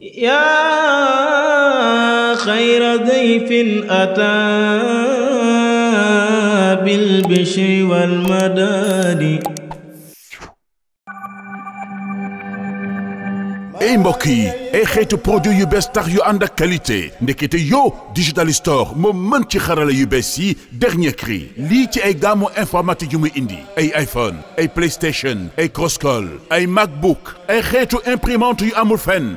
yaa xayra dayfin ataa bil bishri wal madaadi ay mbokk yi ay xeetu produit yu bes tax yu ànd ak qualité ndekete yow digital store moo mën ci xarala yu bes yi dernier cri lii ci ay gamme informatique yu muy indi ay iPhone ay PlayStation ay Crosscall ay MacBook ay xeetu imprimante yu amul fenn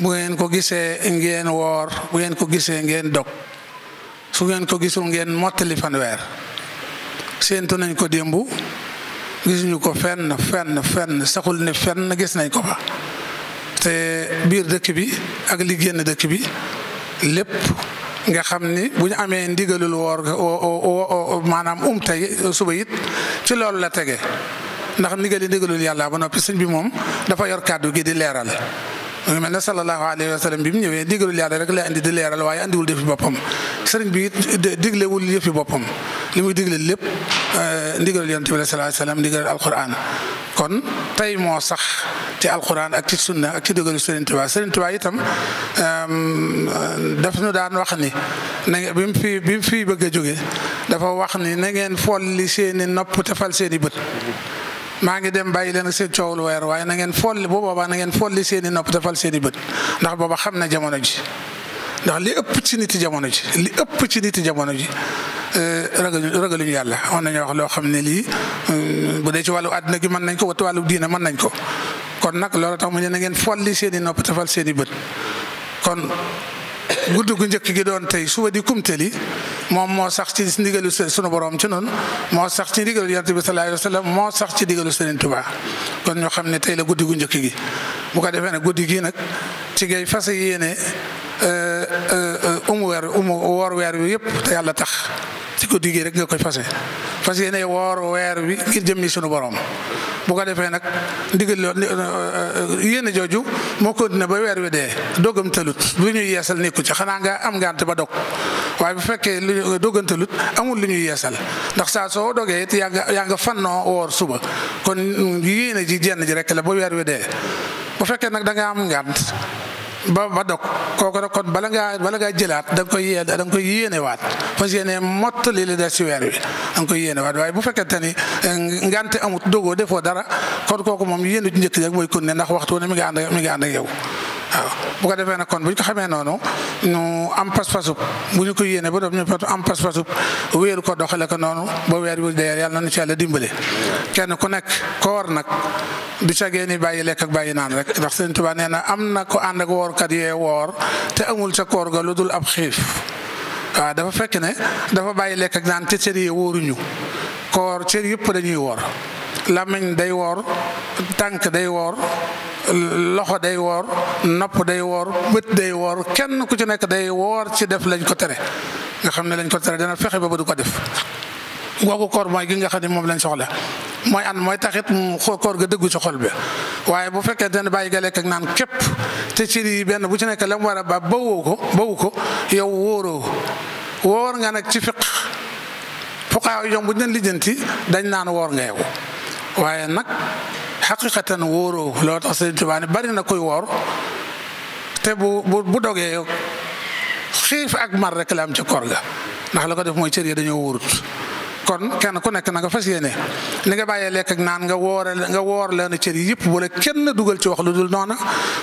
bu ngeen ko gisee ngeen woor bu ngeen ko gisee ngeen dog su ngeen ko gisul ngeen mottali fanweer séentu nañ ko démb gisuñu ko fenn fenn fenn saxul ne fenn gis nañ ko fa te biir dëkk bi ak li génn dëkk bi lépp nga xam ni bu ñu amee ndigalul woor maanaam um tey suba it ci loolu la tege ndax ndigali ndigalul yàlla ba noppi sëñ bi moom dafa yor kàddu gi di leeral mu ngi mel ne sallallahu alayhi wa sallam bi mu ñëwee ndigalul yàlla rek la indi di leeral waaye andiwul yëfi boppam sëriñ bi diglewul yëfi boppam li muy digle lépp euh, ndigalul yonent bi sallallahu alayhi wa sallam ndigalul kon tey moo sax ci alquran ak ci sunna ak ci dëggalu sëriñ Tuubaa sëriñ Tuubaa itam euh, daf ñu daan wax ni na ngeen mu fi bëgg a jóge dafa wax ni na ngeen folli seeni nopp te fal seeni bët maa ngi dem bàyyi leen ak seen coow lu weer waaye na ngeen folli bu boobaa na ngeen folli seen i seen i bët ndax booba xam na jamono ji ndax li ëpp ci nit jamono ji li ëpp ci nit jamono ji eh, lu ñu yàlla mën nañoo wax loo xam ne lii mm, bu dee ci wàllu àddina gi mën nañ ko wala wàllu diine mën nañ ko kon nag loolu tax mu ne na ngeen folli seen i nopp defal seen bët kon gudd gu njëkk gi doon tey suba di kumtali moom moo sax ci ndigalu sunu boroom ci noonu moo sax ci ndigalu yonent bi sallallahu alayhi moo sax ci ndigalu Sëriñ Tuubaa kon ñu xam ne tey la guddi gu njëkk gi bu ko defee nag guddi gii nag ci ngay fas yéene euh, euh, umu weer weer wi yëpp yàlla tax ci guddi gii rek nga koy fase fas yéene woor weer wi ngir jëmmi sunu borom bu ko defee nag ndigal euh, yéene jooju moo continué ba weer wi dee dogam talut bu ñuy yeesal nekku ci xanaa nga am ngante ba dog waaye bu fekkee lu doggantalut amul lu ñuy yeesal ndax saa soo dogee it yaa nga yaa nga fannoo woor suba kon yéene ji jenn ji rek la ba weer wi dee bu fekkee nag da nga am ngant ba ba dog kooku rek kon bala ngaa bala ngaa jëlaat da nga koy yee da nga koy yéenewaat fas yéene mottali li des ci weer wi da nga koy waat waaye bu fekkente ni eh, ngante amut dogoo defoo dara kon kooku moom yéene ju njëkk rek mooy kon ne ndax waxtu ne mi nga ànd mi nga ànd yow waaw bu ko defee nag kon bu ñu ko xamee noonu ñu am pas-pasub bu ñu ko yéene ba doon ñu am pas-pasub wéeru ko doxale ko noonu ba weer wi dee yàlla nañu ci yàlla dimbale kenn ku nekk koor nag du cagee ni bàyyi lekk ak bàyyi naan rek ndax Sëñ Tuubaa nee na am na ko ànd ak woorkat yee woor te amul sa koor ga lu dul ab xiif waaw dafa fekk ne dafa bàyyi lekk ak naan te cër yi wóoruñu koor cër yëpp dañuy woor làmmiñ day woor tànk day woor loxo day woor nopp day woor bët day woor kenn ku ci nekk day woor ci def lañ ko tere nga xam ne lañ ko tere dana fexe ba du ko def googu koor mooy gi nga xam ne moom lañ soxla mooy ànd mooy taxit mu koor ga dëggu ci xol bi waaye bu fekkee dana bàyyi ga lekk ak naan képp te ci yi benn bu ci nekk la mu war a ba bawoo ko bawu ko yow wóoroo wóor nga nag ci fiq fuqaaw yom bu ñu dañ naan woor nga yow waaye nag xaqiqatan wóoroo loolu tax Sëriñ Tuubaa ne bari na koy woor te bu bu dogee xiif ak mar rek la am ci koor ga ndax la ko def mooy cër yi dañoo wóorut kon kenn ku nekk na nga fas yéene ni nga bàyyee lekk naan nga woore nga woor leen cer yi yëpp wala kenn dugal ci wax lu dul noona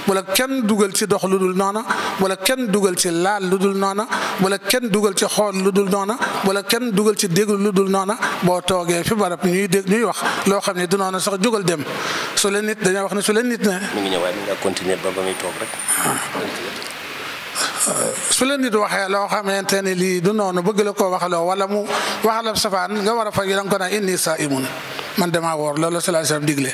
wala kenn dugal ci dox lu dul noona wala kenn dugal ci laal lu dul noona wala kenn dugal ci xool lu dul noona wala kenn dugal ci déglu lu dul noona boo toogee fi barab ñuy dégg ñuy wax loo xam ne du noona sax jógal dem su nit dañoo wax ne su la nit ne. mi ngi ñëw waaye loo xamante ne lii du noonu bëgg la koo waxaloo wala mu waxalab safaan nga war a fay da ko naan inni sa imun man damaa woor loolu sallallahu alayhi wasallam digle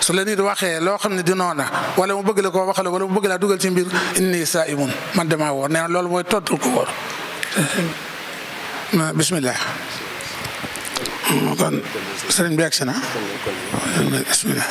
su la nit waxee loo xam ne du noona wala mu bëgg la koo waxaloo wala mu bëgg laa dugal ci mbir inni sa imun man damaa woor nee na loolu mooy tontul ko woor bismillah kon sëriñ bi bismillah